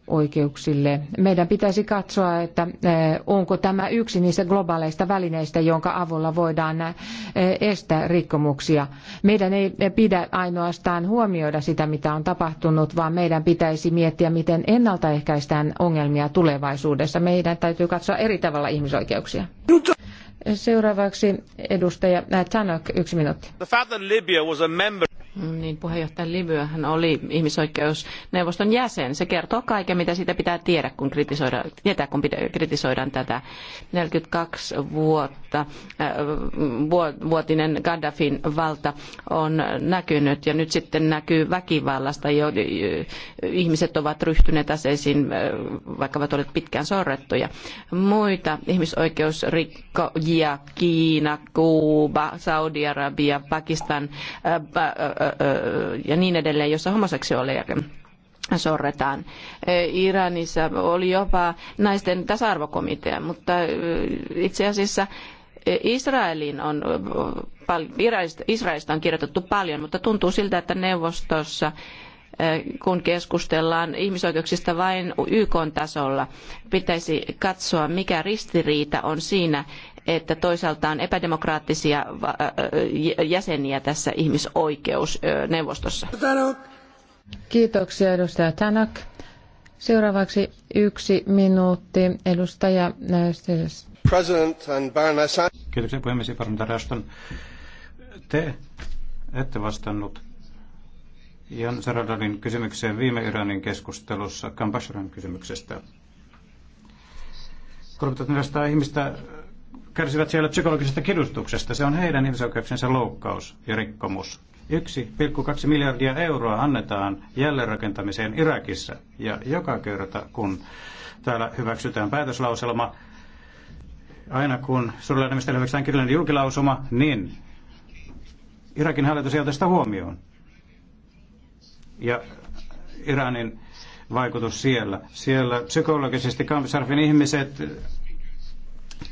oikeuksille. Meidän pitäisi katsoa, että eh, onko tämä yksi niistä globaaleista välineistä, jonka avulla voidaan eh, estää rikkomuksia. Meidän ei pidä ainoastaan huomioida sitä, mitä on tapahtunut, vaan meidän pitäisi miettiä, miten ennaltaehkäistään ongelmia tulevaisuudessa. Meidän täytyy katsoa eri tavalla ihmisoikeuksia. Seuraavaksi edustaja Tanok, yksi minuutti. Niin, puheenjohtaja libyahan hän oli ihmisoikeusneuvoston jäsen. Se kertoo kaiken, mitä siitä pitää tiedä, kun kritisoidaan, tietää, kun kritisoidaan tätä 42 vuotta, äh, vuotinen Gaddafin valta on näkynyt ja nyt sitten näkyy väkivallasta. Jo, ihmiset ovat ryhtyneet aseisiin, äh, vaikka ovat olleet pitkään sorrettuja. Muita ihmisoikeusrikkojia, Kiina, Kuuba, Saudi-Arabia, Pakistan, äh, äh ja niin edelleen, jossa homoseksuaaleja sorretaan. Iranissa oli jopa naisten tasa-arvokomitea, mutta itse asiassa Israelin on, Israelista on kirjoitettu paljon, mutta tuntuu siltä, että neuvostossa kun keskustellaan ihmisoikeuksista vain YK tasolla, pitäisi katsoa, mikä ristiriita on siinä, että toisaalta on epädemokraattisia jäseniä tässä ihmisoikeusneuvostossa. Kiitoksia edustaja Tanak. Seuraavaksi yksi minuutti. Edustaja Näystelis. President and Baroness... Kiitoksia puhemies Ashton. Te ette vastannut Jan Saradalin kysymykseen viime Iranin keskustelussa Kampasharan kysymyksestä. 3400 ihmistä kärsivät siellä psykologisesta kidustuksesta. Se on heidän ihmisoikeuksensa loukkaus ja rikkomus. 1,2 miljardia euroa annetaan jälleenrakentamiseen Irakissa. Ja joka kerta, kun täällä hyväksytään päätöslauselma, aina kun suurella enemmistöllä hyväksytään kirjallinen julkilausuma, niin Irakin hallitus ei ota sitä huomioon. Ja Iranin vaikutus siellä. Siellä psykologisesti Kampisarfin ihmiset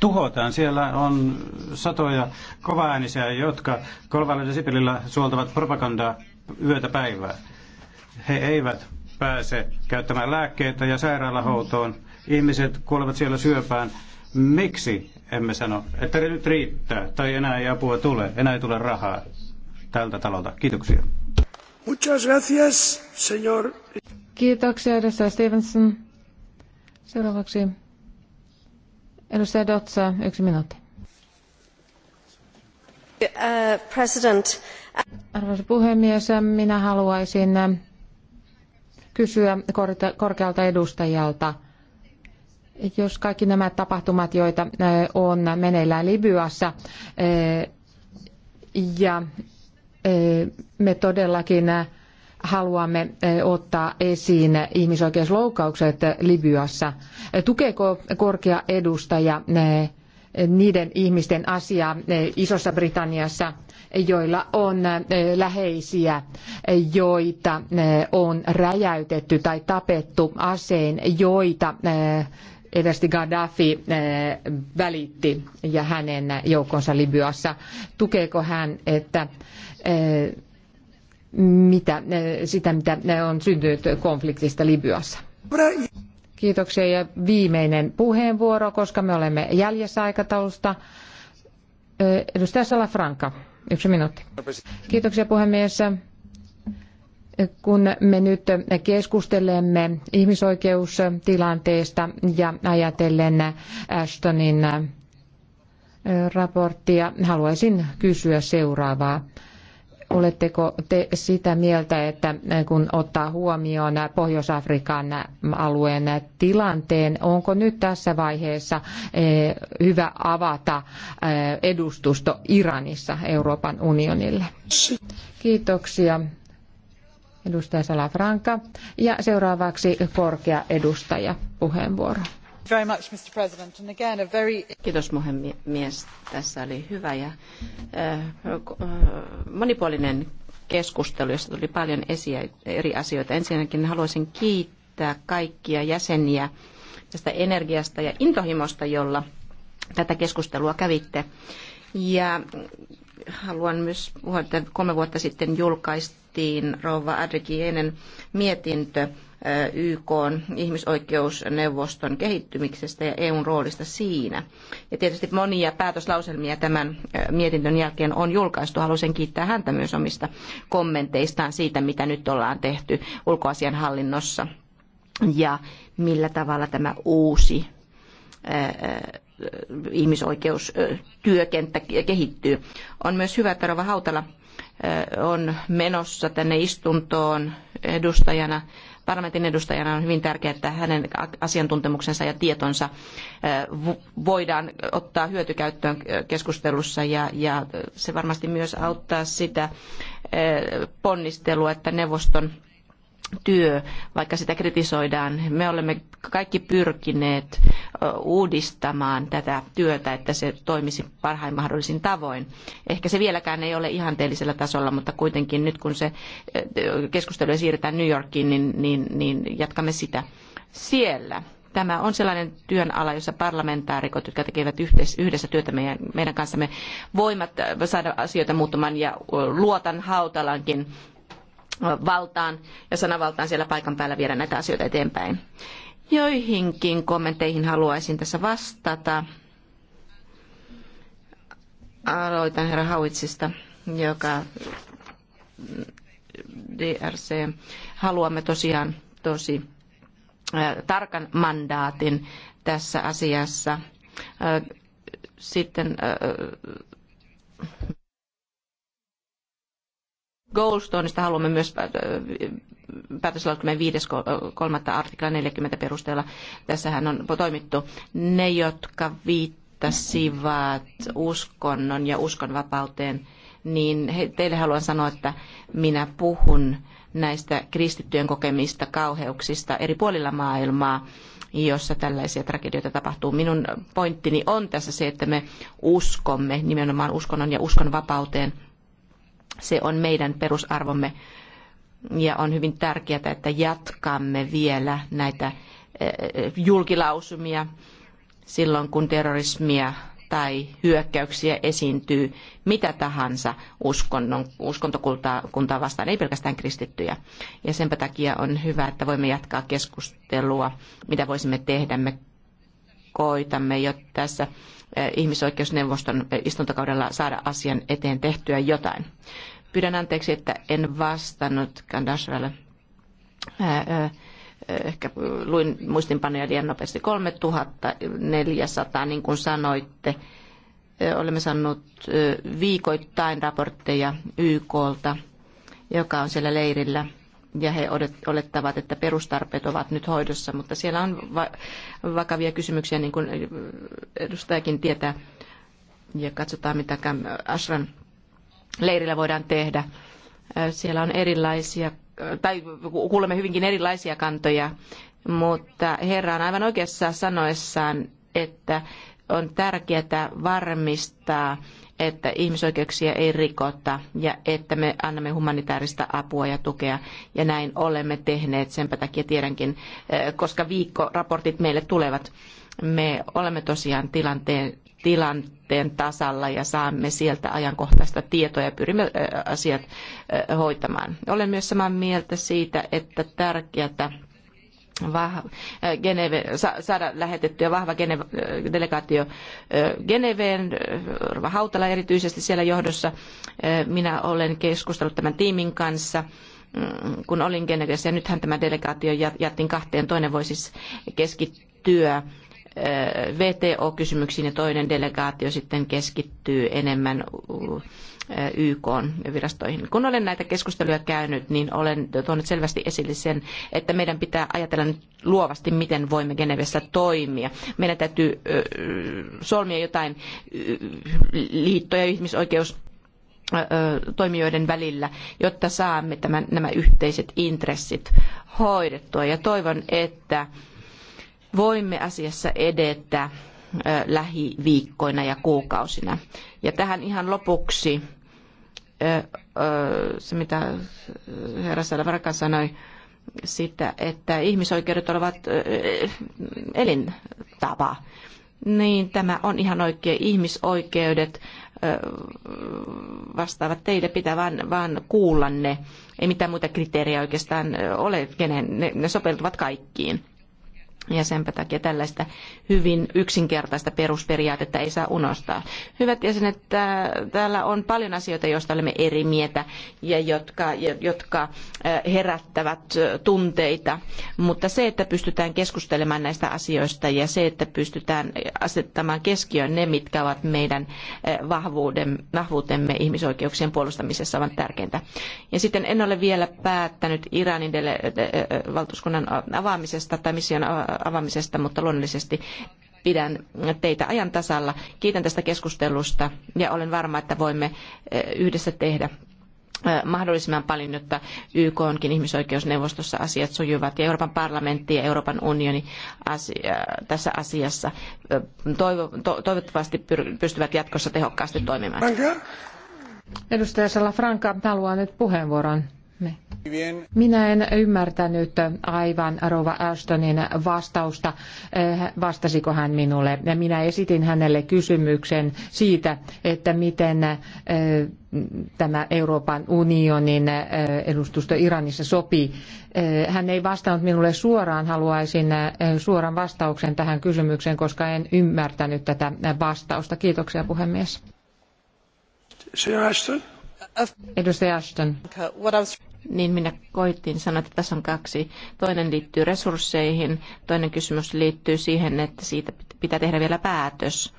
tuhotaan. Siellä on satoja kovaäänisiä, jotka Kolvalinen Sipilillä suoltavat propagandaa yötä päivää. He eivät pääse käyttämään lääkkeitä ja sairaalahoitoon. Ihmiset kuolevat siellä syöpään. Miksi emme sano, että nyt riittää tai enää ei apua tule, enää ei tule rahaa tältä talolta? Kiitoksia. Muchas gracias, señor. Kiitoksia, edustaja Stevenson. Seuraavaksi Edustaja Dotsa, yksi minuutti. Uh, Arvoisa puhemies, minä haluaisin kysyä korkealta edustajalta, jos kaikki nämä tapahtumat, joita uh, on meneillään Libyassa, uh, ja me todellakin haluamme eh, ottaa esiin ihmisoikeusloukkaukset Libyassa. Eh, tukeeko korkea edustaja eh, niiden ihmisten asiaa Isossa Britanniassa, joilla on läheisiä, joita on räjäytetty tai tapettu aseen, joita Edesti Gaddafi välitti ja hänen joukkonsa Libyassa. Tukeeko hän, että mitä, eh, sitä, mitä eh, on syntynyt konfliktista Libyassa. Kiitoksia ja viimeinen puheenvuoro, koska me olemme jäljessä aikataulusta. Eh, edustaja Salafranca, yksi minuutti. Kiitoksia puhemies. Kun me nyt keskustelemme ihmisoikeustilanteesta ja ajatellen Ashtonin raporttia, haluaisin kysyä seuraavaa. Oletteko te sitä mieltä, että kun ottaa huomioon Pohjois-Afrikan alueen tilanteen, onko nyt tässä vaiheessa hyvä avata edustusto Iranissa Euroopan unionille? Kiitoksia. Edustaja Salafranca. Ja seuraavaksi korkea edustaja puheenvuoro. Kiitos puhemies. Tässä oli hyvä ja eh, eh, monipuolinen keskustelu, jossa tuli paljon esiä, eri asioita. Ensinnäkin haluaisin kiittää kaikkia jäseniä tästä energiasta ja intohimosta, jolla tätä keskustelua kävitte. Ja haluan myös puhua, että kolme vuotta sitten julkaistiin rouva Adrikienen mietintö YK ihmisoikeusneuvoston kehittymisestä ja EUn roolista siinä. Ja tietysti monia päätöslauselmia tämän mietinnön jälkeen on julkaistu. Haluaisin kiittää häntä myös omista kommenteistaan siitä, mitä nyt ollaan tehty hallinnossa ja millä tavalla tämä uusi ihmisoikeustyökenttä kehittyy. On myös hyvä, että Rova Hautala on menossa tänne istuntoon edustajana parlamentin edustajana on hyvin tärkeää, että hänen asiantuntemuksensa ja tietonsa voidaan ottaa hyötykäyttöön keskustelussa ja se varmasti myös auttaa sitä ponnistelua, että neuvoston työ, vaikka sitä kritisoidaan. Me olemme kaikki pyrkineet uudistamaan tätä työtä, että se toimisi parhain mahdollisin tavoin. Ehkä se vieläkään ei ole ihanteellisella tasolla, mutta kuitenkin nyt kun se keskustelu siirretään New Yorkiin, niin, niin, niin jatkamme sitä siellä tämä on sellainen työnala, jossa parlamentaarikot, jotka tekevät yhdessä työtä meidän, meidän kanssamme, voimat saada asioita muuttumaan ja luotan Hautalankin valtaan ja sanavaltaan siellä paikan päällä viedä näitä asioita eteenpäin. Joihinkin kommentteihin haluaisin tässä vastata. Aloitan herra Hauitsista, joka DRC. Haluamme tosiaan tosi äh, tarkan mandaatin tässä asiassa. Äh, sitten äh, Goldstoneista haluamme myös äh, päätöslauselmien 5.3. artikla 40 perusteella. Tässähän on toimittu ne, jotka viittasivat uskonnon ja uskonvapauteen, niin teille haluan sanoa, että minä puhun näistä kristittyjen kokemista kauheuksista eri puolilla maailmaa, jossa tällaisia tragedioita tapahtuu. Minun pointtini on tässä se, että me uskomme nimenomaan uskonnon ja uskonvapauteen se on meidän perusarvomme ja on hyvin tärkeää, että jatkamme vielä näitä eh, eh, julkilausumia silloin, kun terrorismia tai hyökkäyksiä esiintyy mitä tahansa uskonnon, uskontokuntaa vastaan, ei pelkästään kristittyjä. Ja sen takia on hyvä, että voimme jatkaa keskustelua, mitä voisimme tehdä. Me koitamme jo tässä Eh, ihmisoikeusneuvoston eh, istuntokaudella saada asian eteen tehtyä jotain. Pyydän anteeksi, että en vastannut Kandashralle. Eh, ehkä luin muistinpanoja liian nopeasti. 3400, niin kuin sanoitte, olemme saaneet viikoittain raportteja YKlta, joka on siellä leirillä – ja he olettavat, että perustarpeet ovat nyt hoidossa, mutta siellä on va- vakavia kysymyksiä, niin kuin edustajakin tietää, ja katsotaan, mitä Ashran leirillä voidaan tehdä. Siellä on erilaisia, tai kuulemme hyvinkin erilaisia kantoja, mutta herra on aivan oikeassa sanoessaan, että on tärkeää varmistaa, että ihmisoikeuksia ei rikota ja että me annamme humanitaarista apua ja tukea. Ja näin olemme tehneet, sen takia tiedänkin, eh, koska viikkoraportit meille tulevat. Me olemme tosiaan tilanteen, tilanteen tasalla ja saamme sieltä ajankohtaista tietoa ja pyrimme eh, asiat eh, hoitamaan. Olen myös samaa mieltä siitä, että tärkeää vahva, äh, Geneve, saada lähetettyä vahva Geneve, äh, delegaatio äh, Geneveen, Rova Hautala erityisesti siellä johdossa. Minä olen keskustellut tämän tiimin kanssa mm, kun olin Genevessä ja nythän tämä delegaatio jättiin kahteen. Toinen voi siis keskittyä VTO-kysymyksiin ja toinen delegaatio sitten keskittyy enemmän Eh, YK-virastoihin. Kun olen näitä keskusteluja käynyt, niin olen tuonut selvästi esille sen, että meidän pitää ajatella nyt luovasti, miten voimme Genevessä toimia. Meidän täytyy eh, solmia jotain eh, liittoja, ihmisoikeus toimijoiden välillä, jotta saamme tämän, nämä yhteiset intressit hoidettua. Ja toivon, että voimme asiassa edetä lähiviikkoina ja kuukausina. Ja tähän ihan lopuksi se, mitä herra Salavarka sanoi, sitä, että ihmisoikeudet ovat elintapa. Niin tämä on ihan oikein. Ihmisoikeudet vastaavat teille, pitää vaan, vaan kuulla ne. Ei mitään muita kriteerejä oikeastaan ole, kenen ne, ne sopeutuvat kaikkiin. Ja senpä takia tällaista hyvin yksinkertaista perusperiaatetta ei saa unohtaa. Hyvät jäsenet, täällä on paljon asioita, joista olemme eri mieltä ja jotka, jotka herättävät tunteita. Mutta se, että pystytään keskustelemaan näistä asioista ja se, että pystytään asettamaan keskiöön ne, mitkä ovat meidän vahvuutemme ihmisoikeuksien puolustamisessa, on tärkeintä. Ja sitten en ole vielä päättänyt Iranin valtuuskunnan avaamisesta tai mission avaamisesta avaamisesta, mutta luonnollisesti pidän teitä ajan tasalla. Kiitän tästä keskustelusta ja olen varma, että voimme yhdessä tehdä mahdollisimman paljon, jotta YK ihmisoikeusneuvostossa asiat sujuvat ja Euroopan parlamentti ja Euroopan unioni asia, tässä asiassa toivo, to, toivottavasti pystyvät jatkossa tehokkaasti toimimaan. Edustaja Salafranca haluaa nyt puheenvuoron. Me. Minä en ymmärtänyt aivan Rova Ashtonin vastausta. Eh, vastasiko hän minulle? Minä esitin hänelle kysymyksen siitä, että miten eh, tämä Euroopan unionin eh, edustusto Iranissa sopii. Hän ei vastannut minulle suoraan. Haluaisin suoran vastauksen tähän kysymykseen, koska en ymmärtänyt tätä vastausta. Kiitoksia puhemies. Edustaja Ashton niin minä koitin sanoa, että tässä on kaksi. Toinen liittyy resursseihin, toinen kysymys liittyy siihen, että siitä pitää tehdä vielä päätös.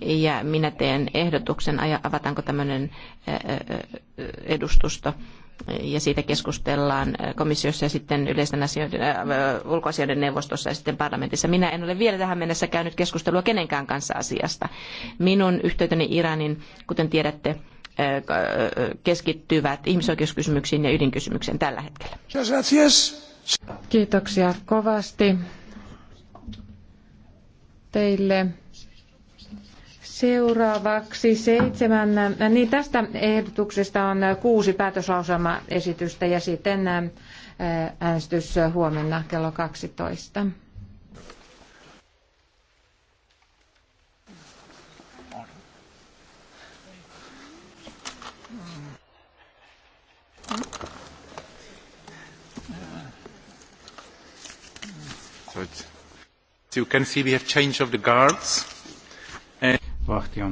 Ja minä teen ehdotuksen, avataanko tämmöinen edustusto ja siitä keskustellaan komissiossa ja sitten yleisten asioiden, äh, ulkoasioiden neuvostossa ja sitten parlamentissa. Minä en ole vielä tähän mennessä käynyt keskustelua kenenkään kanssa asiasta. Minun yhteyteni Iranin, kuten tiedätte, keskittyvät ihmisoikeuskysymyksiin ja ydinkysymykseen tällä hetkellä. Kiitoksia kovasti teille. Seuraavaksi seitsemän, niin tästä ehdotuksesta on kuusi päätöslauselmaesitystä ja sitten äänestys huomenna kello 12. As you can see, we Vahti on